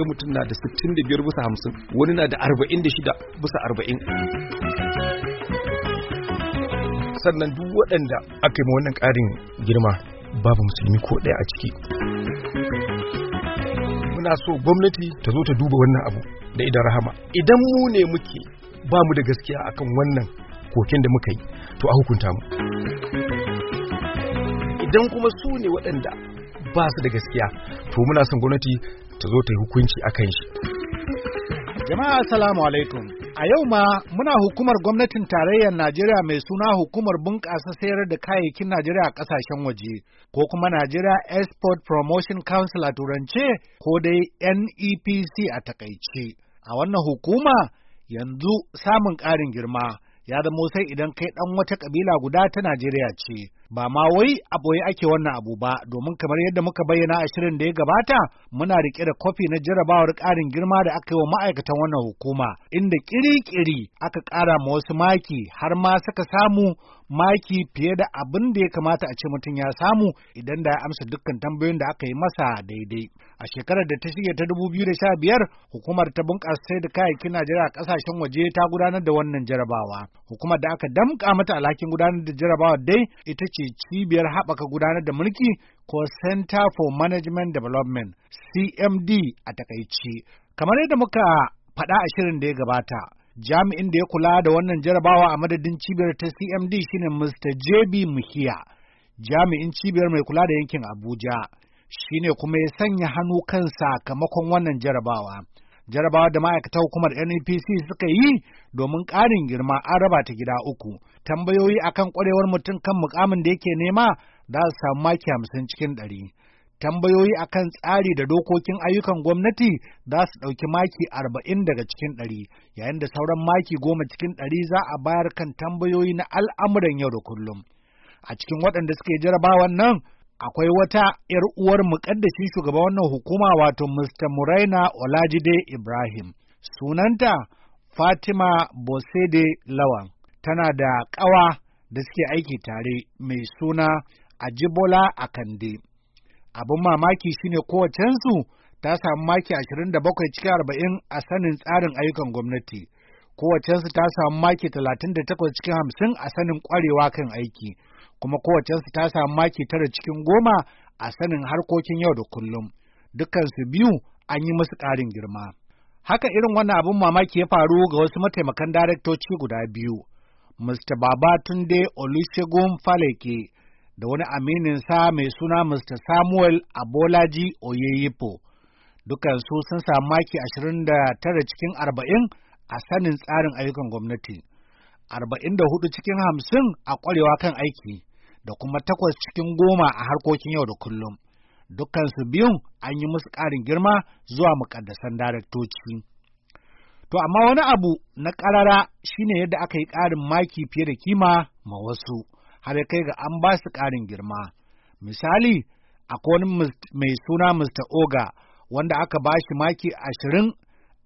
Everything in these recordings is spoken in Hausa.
ga mutum na da 65 bisa 50 wani na da 46 bisa 40 sannan duk waɗanda aka yi wannan ƙarin girma babu musulmi ko ɗaya a ciki muna so gwamnati ta zo ta duba wannan abu da idan rahama idan mu ne muke ba mu da gaskiya akan wannan koken da muka yi to a hukunta mu idan kuma su ne waɗanda ba su da gaskiya to muna son gwamnati ta zo ta yi hukunci kan shi jama'a assalamu alaikum a yau ma muna hukumar gwamnatin tarayyar najeriya mai suna hukumar bunƙasa sayar da kayayyakin najeriya a ƙasashen waje ko kuma najeriya export promotion council a turance ko dai nepc a takaice a wannan hukuma yanzu samun ƙarin girma ya zamo sai idan kai ɗan wata ƙabila guda ta najeriya ce Ba ma wai a ake wannan abu ba, domin kamar yadda muka bayyana a shirin da ya gabata, muna rike da kwafi na jarabawar karin girma da aka yi wa ma'aikatan wannan hukuma, inda ƙiri-ƙiri aka kara ma wasu maki har ma suka samu maki fiye da abin da ya kamata a ce mutum ya samu idan da ya amsa dukkan tambayoyin da aka yi masa daidai. A shekarar da ta shige ta 2015, hukumar ta bunƙasa sai da kayayyakin Najeriya a ƙasashen waje ta gudanar da wannan jarabawa. Hukumar da aka damƙa mata alhakin gudanar da jarabawa dai ita ce ce cibiyar haɓaka gudanar da mulki ko Center for Management Development CMD a takaici. Kamar yadda muka faɗa a shirin da ya gabata, jami'in da ya kula da wannan jarabawa a madadin cibiyar ta CMD shine Mr. JB Muhiya, jami'in cibiyar mai kula da yankin Abuja, shine kuma ya sanya hannu kan sakamakon wannan jarabawa. jarabawa da ma'aikatar hukumar NEPC suka yi domin ƙarin girma an raba ta gida uku. Tambayoyi akan ƙwarewar mutum kan mukamin da yake nema za su samu maki hamsin cikin ɗari. Tambayoyi akan tsari da dokokin ayyukan gwamnati za su ɗauki maki arba'in daga cikin ɗari, yayin da sauran maki goma cikin ɗari za a bayar kan tambayoyi na al'amuran yau da kullum. A cikin waɗanda suke jarabawan nan, akwai wata 'yar uwar muƙaddashin shugaban wannan hukuma wato Mr. Muraina Olajide Ibrahim. Sunanta Fatima Bosede Lawan. Tana da ƙawa da suke aiki tare mai suna Ajibola Akande. Abin mamaki shine kowacensu ta samu maki 27 cikin 40 a sanin tsarin ayyukan gwamnati. Kowacensu ta samu maki 38 cikin 50 a sanin ƙwarewa kan aiki. kuma kowacensu ta samu maki tara cikin goma a sanin harkokin yau da kullum. Dukansu biyu an yi musu ƙarin girma. Haka irin wannan abin mamaki ya faru ga wasu mataimakan daraktoci guda biyu, Mr. Babatunde Olusegun Faleke da wani aminin sa mai suna Mr. Samuel Abolaji Oyeyipo. Dukansu sun samu maki ashirin da tara cikin arba'in a sanin tsarin ayyukan gwamnati, arba'in da hudu cikin hamsin a ƙwarewa kan aiki. da kuma takwas cikin goma a harkokin yau da kullum. Dukansu biyu an yi musu ƙarin girma zuwa muƙaddasan daraktoci. To, amma wani abu na ƙarara shi ne yadda aka yi ƙarin maki fiye da kima ma wasu, har ya kai ga an ba su ƙarin girma. Misali, akwai wani mai suna Mr. Oga, wanda aka ba shi maki ashirin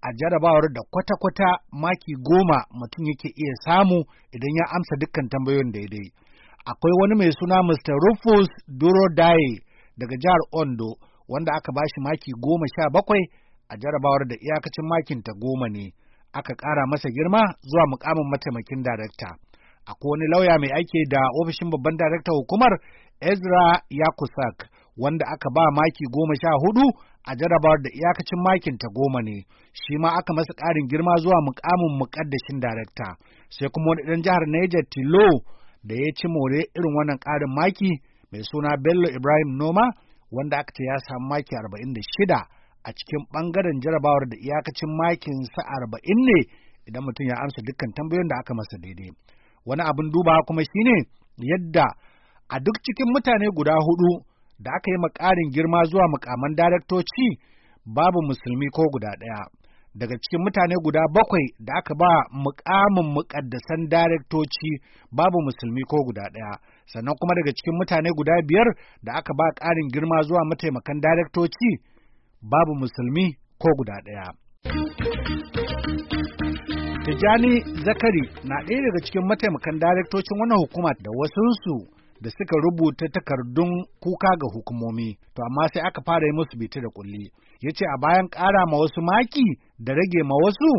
a jarabawar da kwata-kwata maki goma mutum yake iya samu idan ya amsa dukkan tambayoyin daidai. akwai wani mai suna Mr. Rufus Durodaye daga jihar Ondo wanda aka bashi maki goma sha bakwai a jarabawar da iyakacin makin ta goma ne. Aka ƙara masa girma zuwa mukamin mataimakin darakta. Akwai wani lauya mai aiki da ofishin babban darakta hukumar Ezra Yakusak wanda aka ba maki goma sha hudu a jarabawar da iyakacin makin ta goma ne shi ma aka masa ƙarin girma zuwa mukamin mukaddashin darakta sai kuma wani ɗan jihar Niger Tilo da ya ci more irin wannan ƙarin maki mai suna Bello Ibrahim Noma wanda aka ce ya samu maki 46 a cikin ɓangaren jarabawar da iyakacin makin sa 40 ne idan mutum ya amsa dukkan tambayoyin da aka masa daidai. Wani abin duba kuma shine yadda a duk cikin mutane guda hudu da aka yi makarin girma zuwa mukaman daraktoci babu musulmi ko guda ɗaya. daga cikin mutane guda bakwai da aka ba mukamin mukaddasan daraktoci babu musulmi ko guda ɗaya sannan kuma daga cikin mutane guda biyar da aka ba ƙarin girma zuwa mataimakan daraktoci babu musulmi ko guda ɗaya. Tijjani Zakari na ɗaya daga cikin mataimakan daraktocin wannan hukuma da wasunsu da suka rubuta takardun kuka ga hukumomi, to amma sai aka fara yi musu bita da kulli. ya ce a bayan ƙara ma wasu maki da rage ma wasu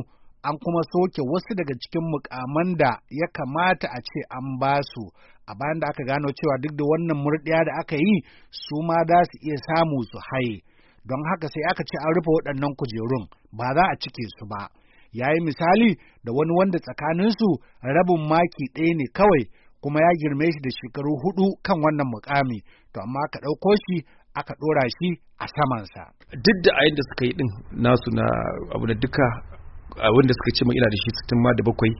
an kuma soke wasu daga cikin mukaman da ya kamata a ce an ba su a bayan da aka gano cewa duk da wannan murɗiya da aka yi su ma za su iya samu su haye don haka sai aka ce an rufe waɗannan kujerun ba za a cike su ba ya yi misali da wani wanda tsakaninsu rabin maki ɗaya ne kawai kuma ya girme shi da shekaru hudu kan wannan mukami to amma aka ɗauko shi aka ɗora shi a samansa. Duk da ayin da suka yi ɗin nasu na abu da duka wanda suka ce ina da shi sittin ma da bakwai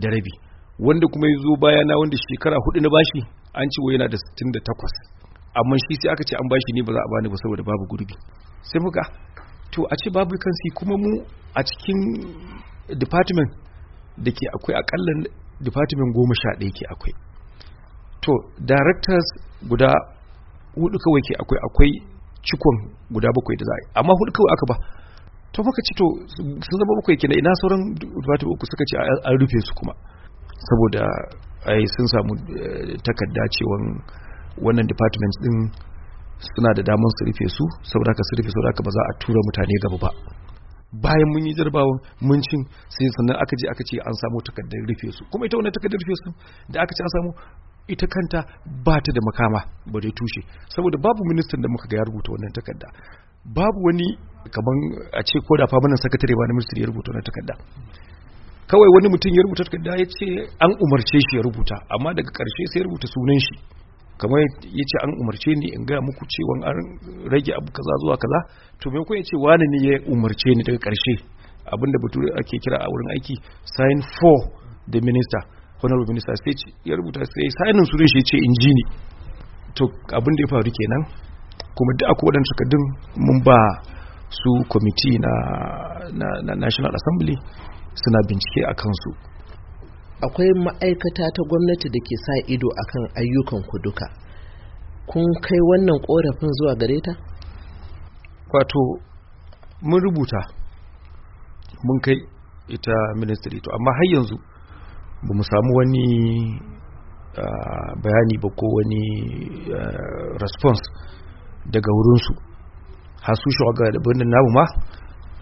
da rabi. Wanda kuma ya zo baya na wanda shekara hudu na bashi an ce yana da sittin da takwas. Amma shi sai aka ce an bashi ne ba za a bani ba saboda babu gurbi. Sai muka to a ce babu kansi kuma mu a cikin department da ke akwai akalla department goma sha ɗaya ke akwai. To directors guda hudu kawai ke akwai akwai cikon guda bakwai da za a yi amma hudu kawai aka ba to muka ci to sun zama bakwai kenan ina sauran wata uku suka ce an rufe su kuma saboda ai sun samu eh, takarda cewa wannan department din suna da damar su rufe su saboda ka su rufe saboda ka ba za a tura mutane gaba ba bayan mun yi jarbawa mun cin sai sannan aka je aka ce an samu takardar rufe su kuma ita wannan takardar rufe su da aka ce an samu ita kanta ba ta da makama ba dai tushe saboda babu ministan da muka ga ya rubuta wannan takarda babu wani kaman a ce ko da famanan sakatare ba na ministry ya rubuta wannan takarda kawai wani mutum ya rubuta takarda ya ce an umarce shi ya rubuta amma daga karshe sai ya rubuta sunan shi kamar ya ce an umarce ni in gaya muku cewa an rage abu kaza zuwa kaza to me ya ce wani ne ya umarce ni daga karshe abinda bature ake kira a wurin aiki sign for the minister honorable minister sai ya rubuta sai sanin sunan shi ya ce injini to abin da ya faru kenan kuma duk akwai wadanda suka din mun ba su kwamiti na, na, na national assembly suna bincike a kansu akwai ma'aikata ta gwamnati da ke sa ido akan ayyukan ku duka kun kai wannan korafin zuwa gare ta wato mun rubuta mun kai ita ministry to amma har yanzu ba mu samu wani ah, bayani ba ko wani ah, response daga wurinsu har su shawaga da birnin namu ma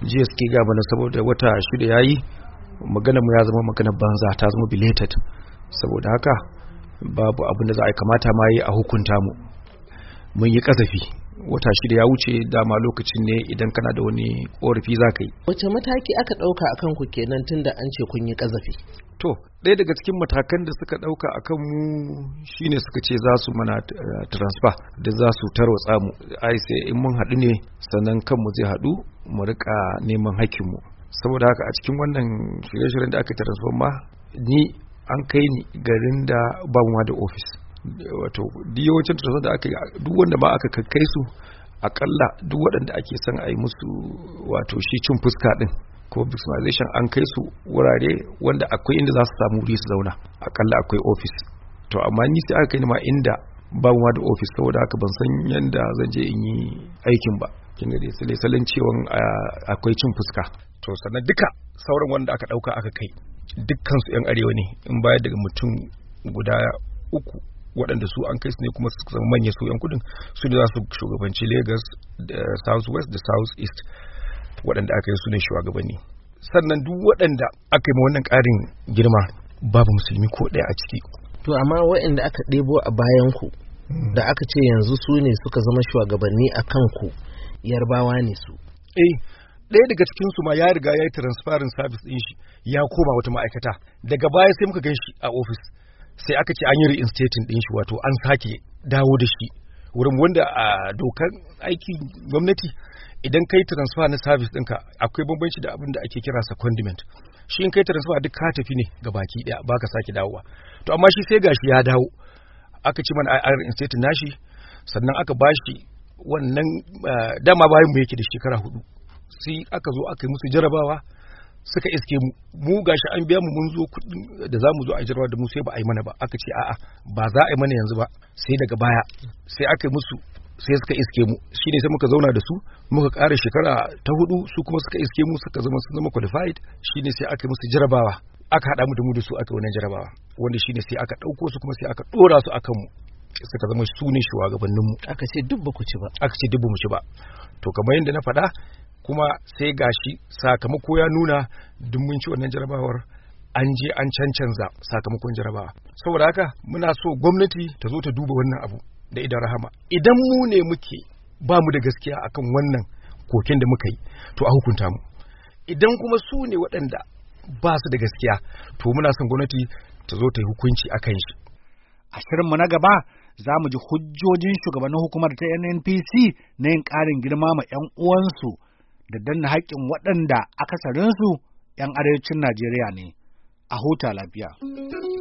jiya suke gaba na saboda wata shida ya yi magana mu ya zama magana banza ta zama belated saboda haka babu abin da za a kamata ma yi a hukunta mu mun yi kasafi wata shida ya wuce dama lokacin ne idan kana da wani korafi za ka yi. Wace mataki aka ɗauka a kanku kenan tun da an ce kun yi ƙazafi? To, ɗaya daga cikin matakan da suka ɗauka a kanmu shine suka ce za su mana eh, transfer da za su tarwatsa mu. Ai in mun haɗu ne sannan kanmu zai haɗu mu riƙa neman hakkinmu. Saboda haka a cikin wannan shirye-shiryen da aka transfer ma ni an kai ni garin da ba da ofis. wato diyocin tattaunawa da aka duk wanda ma aka kai su akalla duk waɗanda ake son a yi musu wato shi cin fuska ɗin ko victimization an kai su wurare wanda akwai inda za su samu wuri su zauna akalla akwai ofis to amma ni sai aka kai ma inda babu ma da ofis saboda haka ban san yanda zan je in yi aikin ba kin ga dai salon cewan akwai cin fuska to sannan duka sauran wanda aka dauka aka kai dukkan su yan arewa ne in bayar daga mutum guda uku waɗanda su an kai su ne kuma su zama manya su yan kudin su ne za su shugabanci Lagos da South West da South East waɗanda aka yi su ne shugabanni sannan duk waɗanda aka yi wannan ƙarin girma babu musulmi ko ɗaya a ciki to amma waɗanda aka ɗebo a bayan ku da hmm. aka ce yanzu su ne suka zama shugabanni a kan ku yarbawa ne su eh ɗaya daga cikin su ma ya riga ya yi transparent service ɗin shi ya koma wata ma'aikata daga baya sai muka gan shi a ofis sai aka ce an yi reinstating din shi wato an sake dawo da shi wurin wanda a dokar aiki gwamnati idan kai transfer na service ɗinka akwai bambanci da abin da ake kira secondment shi in kai transfer duk ka tafi ne ga baki ɗaya baka sake dawowa to amma shi sai gashi ya dawo aka ci mana an reinstating nashi sannan aka bashi wannan dama bayan mu yake da shekara hudu sai aka zo aka yi musu jarabawa suka iske mu gashi an biya mu mun zo da za mu zo a jirwa da mu sai ba a yi mana ba aka ce a'a ba za a yi mana yanzu ba sai daga baya sai aka yi musu sai suka iske mu shine sai muka zauna da su muka ƙara shekara ta hudu su kuma suka iske mu suka zama sun zama qualified shine sai aka yi musu jarabawa aka haɗa mu da mu da su aka wannan jarabawa wanda shine sai aka ɗauko su kuma sai aka ɗora su akan mu suka zama su ne shugabanninmu aka ce duk ba ku ci ba aka ce duk ba mu ci ba to kamar yadda na faɗa kuma sai gashi sakamako ya nuna duk mun ci wannan jarabawar an je an cancanza sakamakon jarabawa saboda haka muna so gwamnati ta zo ta duba wannan abu da idan rahama idan mu ne muke ba mu da gaskiya akan wannan koken da muka yi to a hukunta mu idan kuma su ne waɗanda ba su da gaskiya to muna son gwamnati ta zo ta yi hukunci akan kan shi a mu na gaba za mu ji hujjojin shugabannin hukumar ta nnpc na yin ƙarin girma ma 'yan uwansu da danna haƙƙin waɗanda akasarinsu 'yan arewacin Najeriya ne. A huta lafiya.